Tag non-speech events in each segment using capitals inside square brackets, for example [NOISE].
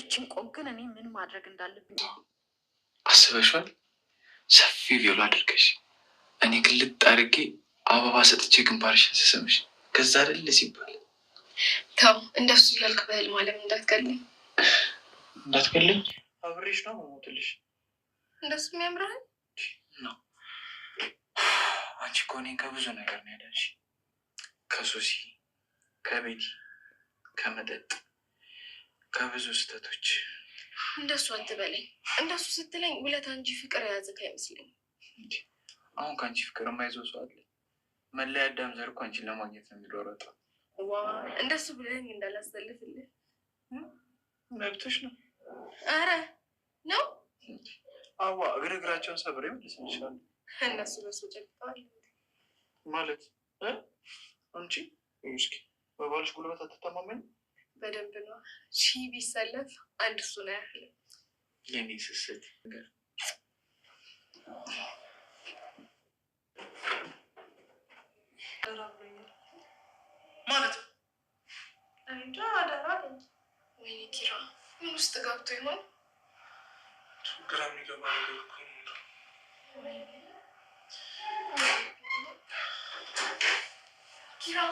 እችን ቆግን እኔ ምን ማድረግ እንዳለብኝ አስበሽዋል? ሰፊ ቪዮላ አድርገሽ እኔ ግልጥ አድርጌ አበባ ሰጥቼ ግንባርሽን ስስምሽ ከዛ አይደል ሲባል ተው፣ እንደሱ እያልክ በህልም ማለም እንዳትገልኝ እንዳትገልኝ። አብሬሽ ነው መሞትልሽ። እንደሱ የሚያምርሃል ነው። አንቺ እኮ እኔን ከብዙ ነገር ነው ያዳንሽ፣ ከሱሲ፣ ከቤቲ፣ ከመጠጥ ከብዙ ስህተቶች እንደሱ አትበለኝ። እንደሱ ስትለኝ ሁለት እንጂ ፍቅር የያዘክ አይመስለኝም። አሁን ከአንቺ ፍቅር የማይዘው ሰው አለ። መለያ አዳም ዘር እኮ አንቺን ለማግኘት ነው የሚሮረጠው። ዋ እንደሱ ብለኝ እንዳላሰልፍልህ መብቶች ነው። አረ ነው አዋ እግርግራቸውን ሰብሬ መለስ ይችላል። እነሱ በሱ ጨብጠዋል ማለት አንቺ እስኪ በባልሽ ጉልበት አትተማመኝም በደንብ ነው። ሺህ ቢሰለፍ አንድ እሱ ነው ያህል የኔ ስስት ማለት እንጃ። አደራ ወይኔ ኪራ ምን ውስጥ ገብቶ ይሆን? ግራ የሚገባ ነገር እኮ ኪራ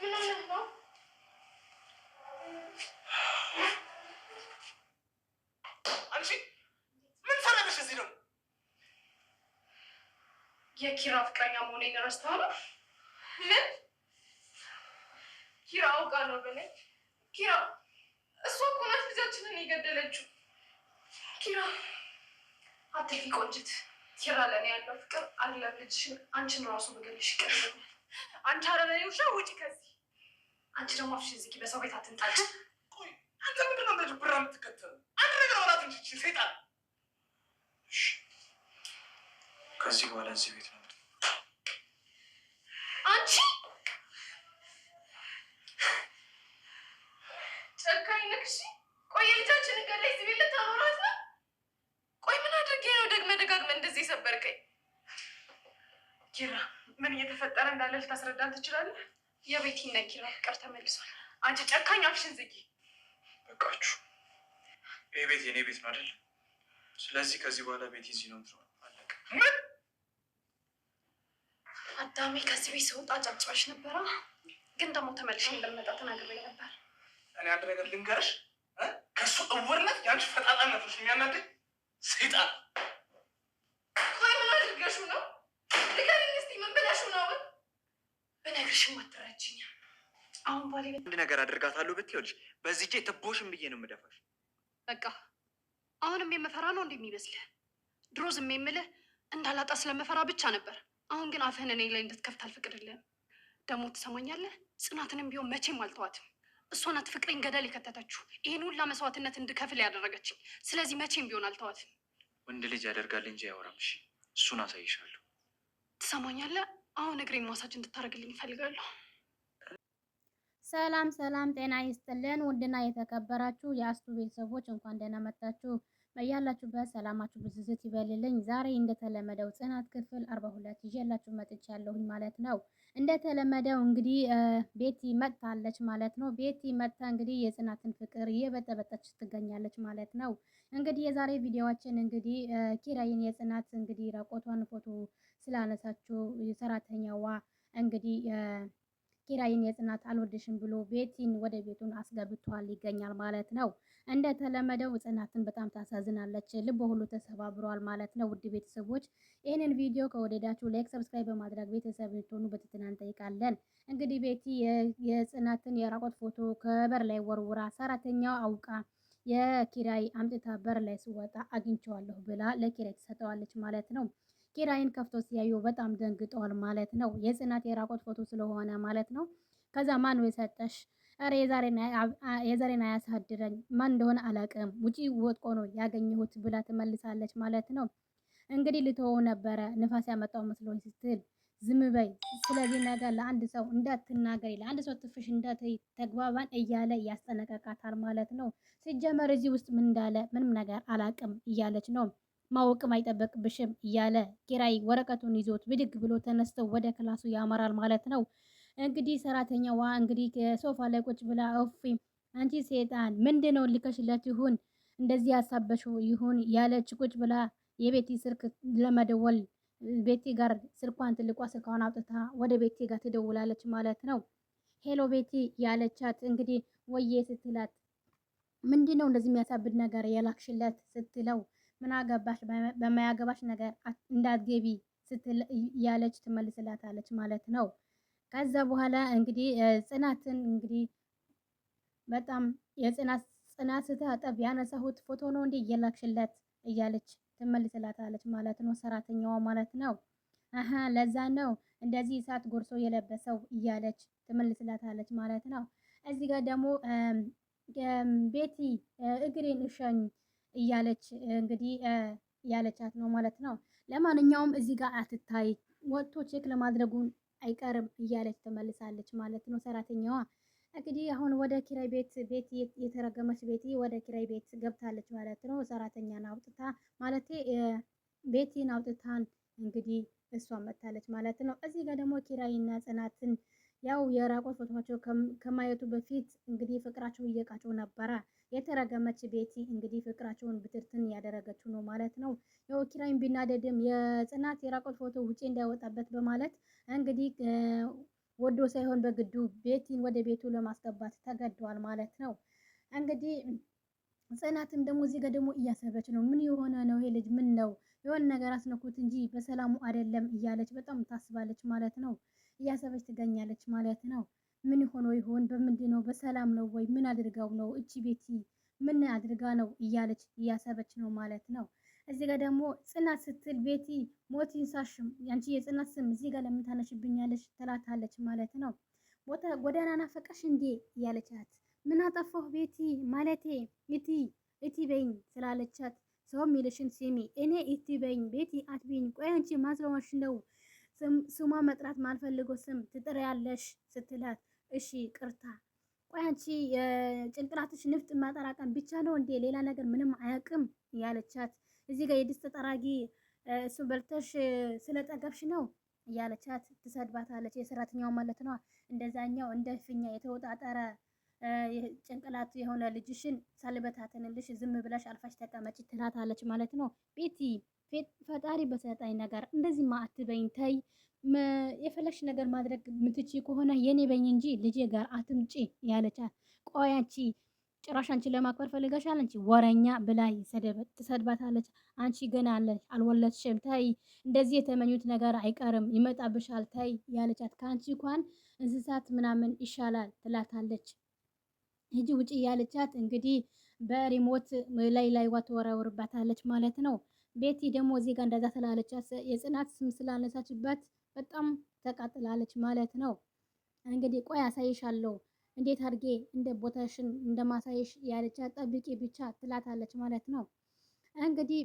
ምን ነው አንቺ ምን ፈለገሽ እዚህ ደግሞ? የኪራ ፍቅረኛ መሆኔን ረስተኸው ምን ኪራ አውቃ ነው በላይ ኪራ፣ እሷ እኮ ናት ልጃችንን የገደለችው። ኪራ አትልፊ ቆንጅት። ኪራ ለእኔ ያለው ፍቅር አለ ልጅሽን አንቺን ራሱ መገልሽ ይቀርበኛል። አንቺ አረበኔ ውሻ ውጪ ከዚህ። አንቺ ደግሞ አፍሽን ዝጊ፣ በሰው ቤት አትንጣጭ። አንተ ምንድን ነው እንደዚህ ብራ አንድ ነገር አውራት እንጂ ከዚህ በኋላ እዚህ ቤት ነው አንቺ ጨካኝ ቆይ ልጃችን እዚህ ቤት ልታኖራት ነው? ቆይ ምን አድርጌ ነው ደግመህ ደጋግመህ እንደዚህ የሰበርከኝ? ኪራ ምን እየተፈጠረ እንዳለ ልታስረዳን ትችላለህ? ፍቅር ተመልሷል። አንቺ ጨካኝ አፍሽን ዝጊ። ይህ ቤት የኔ ቤት ነው አይደል? ስለዚህ ከዚህ በኋላ ቤት ይዚ ነው ምትለ አለቅ አዳሜ ከዚህ ቤት ስወጣ ጨብጨባሽ ነበረ፣ ግን ደግሞ ተመልሼ እንደምመጣ ተናግሬ ነበር። እኔ አንድ ነገር ልንገርሽ፣ ከእሱ እውርነት የአንቺ ፈጣጣነት ነው የሚያናደኝ። ሰይጣን ቆይ፣ ምን አድርገሹ ነው? ልገርኝ እስኪ ምን ብለሹ ነው? ብነግርሽም አትረጅኛል። አሁን ባሌ አንድ ነገር አድርጋታለሁ ብትይ ይኸውልሽ፣ በዚህ እጄ ትቦሽም ብዬ ነው የምደፋሽ በቃ አሁንም የምፈራ ነው እንደሚመስልህ? ድሮ ዝም የምልህ እንዳላጣ ስለምፈራ ብቻ ነበር። አሁን ግን አፍህን እኔ ላይ እንድትከፍት አልፈቅድልህም። ደግሞ ትሰማኛለህ? ጽናትንም ቢሆን መቼም አልተዋትም። እሷ ናት ፍቅሬን ገደል የከተተችው፣ ይህን ሁላ መስዋዕትነት እንድከፍል ያደረገችኝ። ስለዚህ መቼም ቢሆን አልተዋትም። ወንድ ልጅ ያደርጋል እንጂ አያወራምሽ። እሱን አሳይሻለሁ። ትሰማኛለህ? አሁን እግሬን ማሳጅ እንድታደርግልኝ እፈልጋለሁ። ሰላም ሰላም፣ ጤና ይስጥልን ውድና የተከበራችሁ የአስቱ ቤተሰቦች እንኳን ደህና መጣችሁ። በያላችሁበት ሰላማችሁ ብዝዝት ይበልልኝ። ዛሬ እንደተለመደው ጽናት ክፍል 42 ይዤላችሁ መጥቻለሁኝ ማለት ነው። እንደተለመደው እንግዲህ ቤቲ መጥታለች ማለት ነው። ቤቲ መጥታ እንግዲህ የጽናትን ፍቅር እየበጠበጠች ትገኛለች ማለት ነው። እንግዲህ የዛሬ ቪዲዮዋችን እንግዲህ ኪራይን የጽናት እንግዲህ ራቆቷን ፎቶ ስላነሳችሁ ሰራተኛዋ እንግዲህ ኪራይን የጽናት አልወድሽም ብሎ ቤቲን ወደ ቤቱን አስገብቷል ይገኛል ማለት ነው። እንደተለመደው ጽናትን በጣም ታሳዝናለች። ልብ ሁሉ ተሰባብሯል ማለት ነው። ውድ ቤተሰቦች ይህንን ቪዲዮ ከወደዳችሁ ላይክ፣ ሰብስክራይብ በማድረግ ቤተሰብ እንድትሆኑ በትህትና እንጠይቃለን። እንግዲህ ቤቲ የጽናትን የራቆት ፎቶ ከበር ላይ ወርውራ ሰራተኛው አውቃ የኪራይ አምጥታ በር ላይ ስወጣ አግኝቼዋለሁ ብላ ለኪራይ ትሰጠዋለች ማለት ነው። ኪራይን ከፍቶ ሲያዩ በጣም ደንግጠዋል ማለት ነው። የጽናት የራቆት ፎቶ ስለሆነ ማለት ነው። ከዛ ማን የሰጠሽ? ኧረ የዛሬን አያሳድረኝ ማን እንደሆነ አላቅም ውጪ ወጥቆ ነው ያገኘሁት ብላ ትመልሳለች ማለት ነው። እንግዲህ ልትወው ነበረ ንፋስ ያመጣው መስሎኝ ስትል ዝም በይ፣ ስለዚህ ነገር ለአንድ ሰው እንዳትናገሪ፣ ለአንድ ሰው ትፍሽ እንዳትይ፣ ተግባባን እያለ ያስጠነቀቃታል ማለት ነው። ሲጀመር እዚህ ውስጥ ምን እንዳለ ምንም ነገር አላቅም እያለች ነው ማወቅም አይጠበቅብሽም እያለ ኪራይ ወረቀቱን ይዞት ብድግ ብሎ ተነስተው ወደ ክላሱ ያመራል ማለት ነው። እንግዲህ ሰራተኛዋ እንግዲህ ሶፋ ላይ ቁጭ ብላ ኦፊ አንቺ ሴጣን ምንድን ነው ልከሽለት ይሁን እንደዚህ ያሳበሹ ይሁን ያለች ቁጭ ብላ የቤቲ ስልክ ለመደወል ቤቲ ጋር ስልኳን ትልቋ ስልኳን አውጥታ ወደ ቤቲ ጋር ትደውላለች ማለት ነው። ሄሎ ቤቲ ያለቻት እንግዲህ ወዬ ስትላት ምንድን ነው እንደዚህ የሚያሳብድ ነገር የላክሽለት ስትለው ምን አገባሽ በማያገባሽ ነገር እንዳትገቢ ስትል እያለች ትመልስላታለች ማለት ነው። ከዛ በኋላ እንግዲህ ጽናትን እንግዲህ በጣም የጽናት ጽናት ስታጠብ ያነሳሁት ፎቶ ነው እንዴ እየላክሽለት እያለች ትመልስላታለች ማለት ነው። ሰራተኛዋ ማለት ነው። አሀ ለዛ ነው እንደዚህ እሳት ጎርሶ የለበሰው እያለች ትመልስላታለች ማለት ነው። እዚህ ጋር ደግሞ ቤቲ እግሬን እሸኝ እያለች እንግዲህ እያለቻት ነው ማለት ነው። ለማንኛውም እዚህ ጋር አትታይ ወጥቶ ቼክ ለማድረጉን አይቀርም እያለች ትመልሳለች ማለት ነው ሰራተኛዋ። እንግዲህ አሁን ወደ ኪራይ ቤት ቤት የተረገመች ቤቲ ወደ ኪራይ ቤት ገብታለች ማለት ነው። ሰራተኛን አውጥታ ማለት ቤቲን አውጥታን እንግዲህ እሷ መታለች ማለት ነው። እዚህ ጋር ደግሞ ኪራይና ጽናትን ያው የራቆት ፎቶቸው ከማየቱ በፊት እንግዲህ ፍቅራቸው እየቃቸው ነበረ። የተረገመች ቤቲ እንግዲህ ፍቅራቸውን ብትርትን ያደረገችው ነው ማለት ነው። ያው ኪራይም ቢናደድም የጽናት የራቆት ፎቶ ውጪ እንዳይወጣበት በማለት እንግዲህ ወዶ ሳይሆን በግዱ ቤቲን ወደ ቤቱ ለማስገባት ተገደዋል ማለት ነው። እንግዲህ ጽናትም ደግሞ እዚህ ጋር ደግሞ እያሰበች ነው። ምን የሆነ ነው ይሄ ልጅ ምን ነው የሆነ ነገር አስነኩት እንጂ በሰላሙ አይደለም እያለች በጣም ታስባለች ማለት ነው። እያሰበች ትገኛለች ማለት ነው። ምን ሆኖ ይሆን? በምንድን ነው? በሰላም ነው ወይ? ምን አድርገው ነው? እቺ ቤቲ ምን አድርጋ ነው እያለች እያሰበች ነው ማለት ነው። እዚህ ጋር ደግሞ ጽናት ስትል ቤቲ ሞት ይንሳሽም ያንቺ የጽናት ስም እዚህ ጋር ለምን ታነሽብኛለሽ? ትላታለች ማለት ነው። ቦታ ጎዳና ናፈቀሽ እንዴ እያለቻት ምን አጠፋሁ ቤቲ ማለቴ እቲ እቲ በይኝ ትላለቻት። ሰውም ይልሽን ስሚ እኔ እቲ በይኝ ቤቲ አትበይኝ ቆይ አንቺ ማዝለዋሽ ነው ስሟ መጥራት ማልፈልገው ስም ትጥሪያለሽ ስትላት እሺ ቅርታ ቆይ አንቺ ጭንቅላትሽ ንፍጥ ማጠራቀም ብቻ ነው እንዴ? ሌላ ነገር ምንም አያውቅም እያለቻት እዚህ ጋር የድስት ጠራጊ እሱን በልተሽ ስለጠገብሽ ነው እያለቻት ትሰድባታለች። የሰራተኛው ማለት ነው። እንደዛኛው እንደ ፊኛ የተወጣጠረ ጭንቅላቱ የሆነ ልጅሽን ሳልበታትንልሽ ዝም ብለሽ አልፋሽ ተቀመጭ ትላታለች ማለት ነው ቤቲ ፈጣሪ በሰጠኝ ነገር እንደዚህ ማ አትበኝ፣ ተይ የፈለግሽ ነገር ማድረግ ምትቺ ከሆነ የኔ በኝ እንጂ ልጄ ጋር አትምጪ ያለቻት። ቆያቺ ጭራሽ አንቺ ለማክበር ፈልገሻል አንቺ ወረኛ ብላ ትሰድባታለች። አንቺ ገና አለ አልወለድሽም፣ ተይ እንደዚህ የተመኙት ነገር አይቀርም ይመጣብሻል፣ ተይ ያለቻት። ከአንቺ እንኳን እንስሳት ምናምን ይሻላል ትላታለች። ሂጂ ውጪ ያለቻት እንግዲህ በሪሞት ላይ ላይ ወትወረውርባታለች ማለት ነው። ቤቲ ደግሞ እዚህ ጋር እንደዛ ትላለች። የጽናት ስም ስላነሳችበት በጣም ተቃጥላለች ማለት ነው። እንግዲህ ቆይ አሳይሻለሁ እንዴት አድርጌ እንደ ቦታሽን እንደማሳይሽ ያለቻ ጠብቂ ብቻ ትላታለች ማለት ነው። እንግዲህ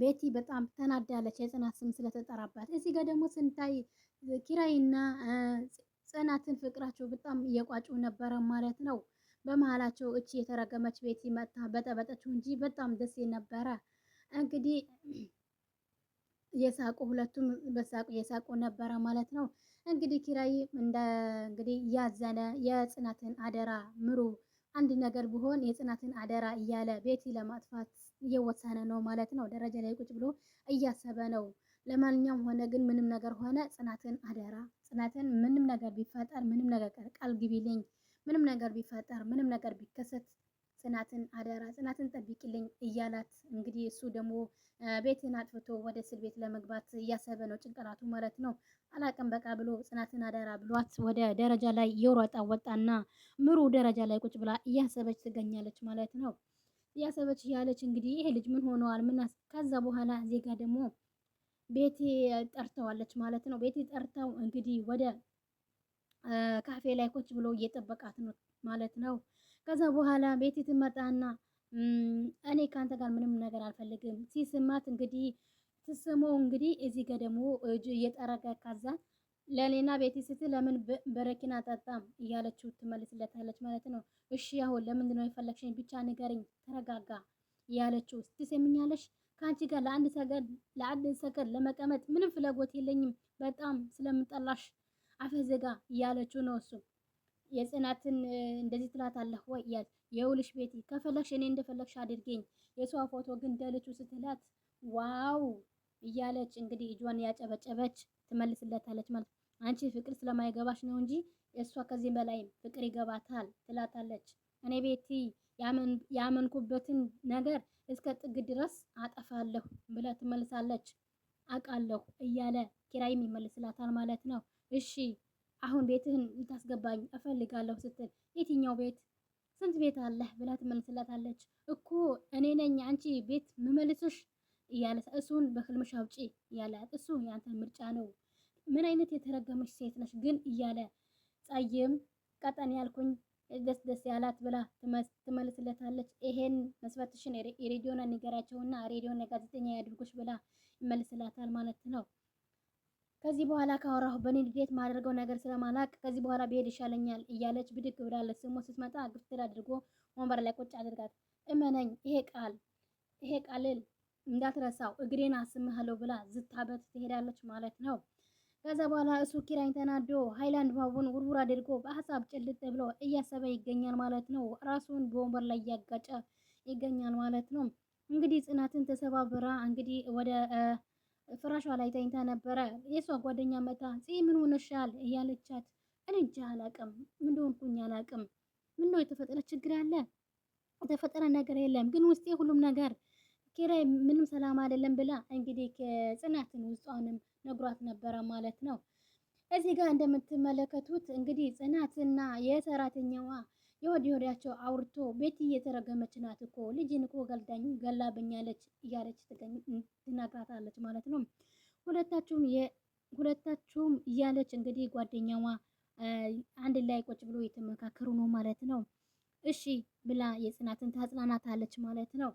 ቤቲ በጣም ተናዳለች የጽናት ስም ስለተጠራባት። እዚህ ጋር ደግሞ ስንታይ ኪራይና ጽናትን ፍቅራቸው በጣም እየቋጩ ነበረ ማለት ነው። በመሀላቸው እቺ የተረገመች ቤቲ መታ በጠበጠችው እንጂ በጣም ደስ ነበረ። እንግዲህ የሳቁ ሁለቱም በሳቁ የሳቁ ነበረ ማለት ነው። እንግዲህ ኪራይ እንደ እንግዲህ እያዘነ የጽናትን አደራ ምሩ አንድ ነገር ቢሆን የጽናትን አደራ እያለ ቤቲ ለማጥፋት እየወሰነ ነው ማለት ነው። ደረጃ ላይ ቁጭ ብሎ እያሰበ ነው። ለማንኛውም ሆነ ግን ምንም ነገር ሆነ ጽናትን አደራ ጽናትን ምንም ነገር ቢፈጠር ምንም ነገር ቃል ግቢልኝ፣ ምንም ነገር ቢፈጠር ምንም ነገር ቢከሰት ጽናትን አደራ ጽናትን ጠብቂልኝ እያላት እንግዲህ እሱ ደግሞ ቤትን አጥፍቶ ወደ እስር ቤት ለመግባት እያሰበ ነው፣ ጭንቅላቱ ማለት ነው። አላቅም በቃ ብሎ ጽናትን አደራ ብሏት ወደ ደረጃ ላይ የወሯጣ ወጣና ምሩ ደረጃ ላይ ቁጭ ብላ እያሰበች ትገኛለች ማለት ነው። እያሰበች እያለች እንግዲህ ይሄ ልጅ ምን ሆነዋል? ምናስ ከዛ በኋላ ዜጋ ደግሞ ቤቴ ጠርተዋለች ማለት ነው። ቤቴ ጠርተው እንግዲህ ወደ ካፌ ላይ ቁጭ ብሎ እየጠበቃት ነው ማለት ነው። ከዛ በኋላ ቤት ትመጣና እኔ ከአንተ ጋር ምንም ነገር አልፈልግም ሲስማት እንግዲህ ስስሙ እንግዲህ እዚህ ጋ ደግሞ እየጠረገ ካዛ ለሌና ቤት ስት ለምን በረኪና ጠጣም እያለችው ትመልስለታለች ማለት ነው። እሺ አሁን ለምንድን ነው የፈለግሽኝ? ብቻ ንገርኝ፣ ተረጋጋ እያለችው ትሰሚኛለሽ፣ ከአንቺ ጋር ለአንድ ሰገድ ለአንድ ሰገድ ለመቀመጥ ምንም ፍላጎት የለኝም፣ በጣም ስለምጠላሽ አፈዘጋ እያለችው ነው እሱ የጽናትን እንደዚህ ትላታለህ ወይ እያል የውልሽ ቤቲ ከፈለግሽ እኔ እንደፈለግሽ አድርገኝ የሷ ፎቶ ግን ደልቹ ስትላት ዋው እያለች እንግዲህ እጇን ያጨበጨበች ትመልስለታለች። ማለት አንቺ ፍቅር ስለማይገባሽ ነው እንጂ እሷ ከዚህ በላይም ፍቅር ይገባታል ትላታለች። እኔ ቤቲ ያመንኩበትን ነገር እስከ ጥግ ድረስ አጠፋለሁ ብላ ትመልሳለች። አውቃለሁ እያለ ኪራይም ይመልስላታል ማለት ነው እሺ አሁን ቤትህን ልታስገባኝ እፈልጋለሁ ስትል የትኛው ቤት ስንት ቤት አለህ ብላ ትመልስላታለች። እኮ እኔ ነኝ አንቺ ቤት ምመልስሽ እያለ እሱን በህልምሽ አውጪ እያላት እሱ ያንተ ምርጫ ነው፣ ምን አይነት የተረገመች ሴት ነች ግን እያለ ጸይም ቀጠን ያልኩኝ ደስ ደስ ያላት ብላ ትመልስለታለች። ይሄን መስፈትሽን የሬዲዮን ንገራቸውና ሬዲዮን ጋዜጠኛ ያድርጎች ብላ ይመልስላታል ማለት ነው። ከዚህ በኋላ ካወራሁ በንዴት ማድረገው ነገር ስለማላቅ ከዚህ በኋላ ብሄድ ይሻለኛል እያለች ብድግ ብላለች። ስሞ ስትመጣ ግፍትል አድርጎ ወንበር ላይ ቁጭ አድርጋት፣ እመነኝ ይሄ ቃል ይሄ ቃልል እንዳትረሳው እግሬን አስምሃለሁ ብላ ዝታበት ትሄዳለች ማለት ነው። ከዛ በኋላ እሱ ኪራይን ተናዶ ሃይላንድ ባቡን ውርውር አድርጎ በሀሳብ ጭልጥ ብሎ እያሰበ ይገኛል ማለት ነው። ራሱን በወንበር ላይ እያጋጨ ይገኛል ማለት ነው። እንግዲህ ጽናትን ተሰባብራ እንግዲህ ወደ ፍራሿ ላይ ተኝታ ነበረ። የእሷ ጓደኛ መታ ጽ ምን ሆነሻል እያለቻት እኔ እንጃ አላቅም፣ ምን እንደሆንኩኝ አላቅም። ምን ነው የተፈጠረ ችግር አለ? የተፈጠረ ነገር የለም፣ ግን ውስጤ ሁሉም ነገር ኪራይ ምንም ሰላም አይደለም ብላ እንግዲህ ጽናትን ውስጧንም ነግሯት ነበረ ማለት ነው። እዚህ ጋር እንደምትመለከቱት እንግዲህ ጽናትና የሰራተኛዋ የወዲ ወዲያቸው አውርቶ ቤት እየተረገመች ናት እኮ ልጅን እኮ ገልዳኝ ገላብኛለች እያለች ትናግራታለች ማለት ነው። ሁለታችሁም ሁለታችሁም እያለች እንግዲህ ጓደኛዋ አንድ ላይ ቁጭ ብሎ እየተመካከሩ ነው ማለት ነው። እሺ ብላ የጽናትን ታጽናናታለች ማለት ነው።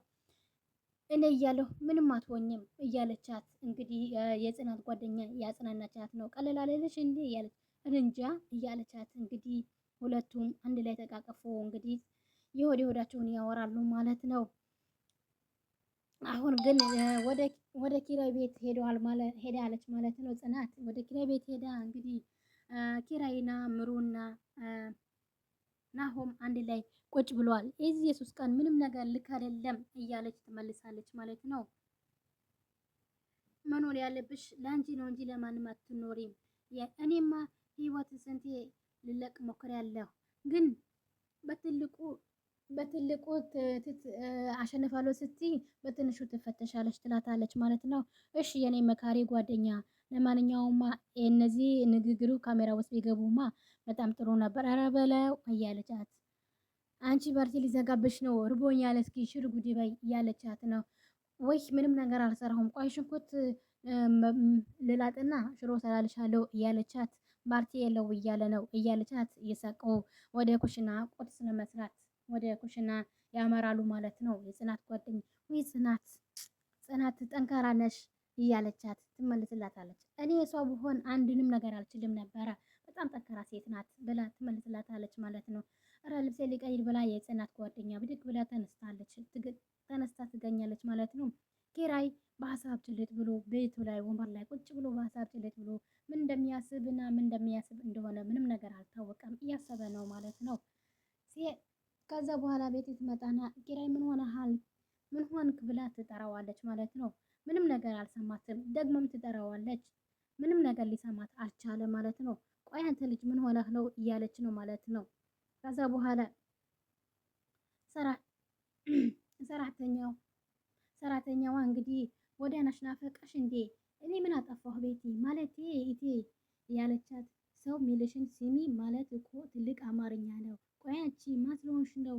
እኔ እያለሁ ምንም አትሆኝም እያለቻት እንግዲህ የጽናት ጓደኛ ያጽናናቻት ነው። ቀለል አለልሽ እንዴ እያለች እንጃ እያለቻት እንግዲህ ሁለቱም አንድ ላይ ተቃቅፎ እንግዲህ የሆድ ሆዳቸውን ያወራሉ ማለት ነው። አሁን ግን ወደ ኪራይ ቤት ሄደዋል ማለት ሄዳለች ማለት ነው። ጽናት ወደ ኪራይ ቤት ሄዳ እንግዲህ ኪራይና ምሩና ናሆም አንድ ላይ ቁጭ ብሏል። የዚህ የሶስት ቀን ምንም ነገር ልክ አይደለም እያለች ትመልሳለች ማለት ነው። መኖር ያለብሽ ለአንቺ ነው እንጂ ለማንም አትኖሪም። እኔማ ህይወት ስንቴ ልለቅ ሞክሬያለሁ፣ ግን በትልቁ በትልቁ አሸንፋለሁ ስትይ በትንሹ ትፈተሻለች ትላታለች ማለት ነው። እሺ የኔ መካሪ ጓደኛ፣ ለማንኛውማ እነዚህ ንግግሩ ካሜራ ውስጥ ቢገቡማ በጣም ጥሩ ነበር። ኧረ በለው እያለቻት አንቺ በርቺ፣ ሊዘጋብሽ ነው፣ ርቦኛል፣ እስኪ ሽር ጉድ በይ እያለቻት ነው። ወይ ምንም ነገር አልሰራሁም፣ ቆይ ሽንኩርት ልላጥና ሽሮ ሰላልሻለሁ እያለቻት ባልቲ የለው እያለ ነው እያለቻት እየሳቁ ወደ ኩሽና ቁርስ ለመስራት ወደ ኩሽና ያመራሉ ማለት ነው። የጽናት ጓደኝ ወይ ጽናት ጽናት ጠንካራ ነሽ እያለቻት ትመልስላታለች። እኔ እሷ ብሆን አንድንም ነገር አልችልም ነበረ በጣም ጠንካራ ሴት ናት ብላ ትመልስላታለች ማለት ነው። እረ ልብሴ ሊቀይር ብላ የጽናት ጓደኛ ብድግ ብላ ተነስታለች ተነስታ ትገኛለች ማለት ነው። ኪራይ በሀሳብ ችልት ብሎ ቤቱ ላይ ወንበር ምንም ነገር ሊሰማት አልቻለ ማለት ነው። ቆይ አንተ ልጅ ምን ሆነህ ነው እያለች ነው ማለት ነው። ከዛ በኋላ [CLEARS THROAT] ሰራተኛው ሰራተኛዋ እንግዲህ ወደ ናሽናፈቀሽ እንዴ እኔ ምን አጠፋሁ ቤቲ ማለት ይቴ ያለቻት ሰው ሚልሽን ስሚ ማለት እኮ ትልቅ አማርኛ ነው። ቆያቺ ማትሎንሽ ነው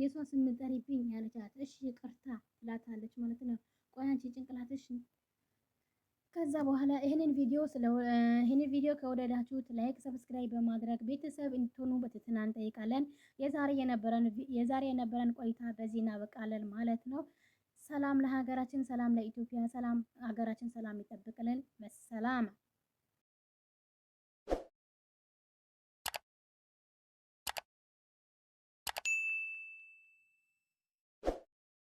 የሷ ስም ጠሪብኝ ያለቻት። እሺ ቅርታ ትላታለች ማለት ነው። ቆያቺ ጭንቅላትሽ ከዛ በኋላ ይህንን ቪዲዮ ይህንን ቪዲዮ ከወደዳችሁት ላይክ፣ ሰብስክራይብ በማድረግ ቤተሰብ እንድትሆኑ በትህትና እንጠይቃለን። የዛሬ የነበረን የዛሬ የነበረን ቆይታ በዚህ እናበቃለን ማለት ነው። ሰላም ለሀገራችን፣ ሰላም ለኢትዮጵያ፣ ሰላም ሀገራችን ሰላም ይጠብቅልን። መሰላም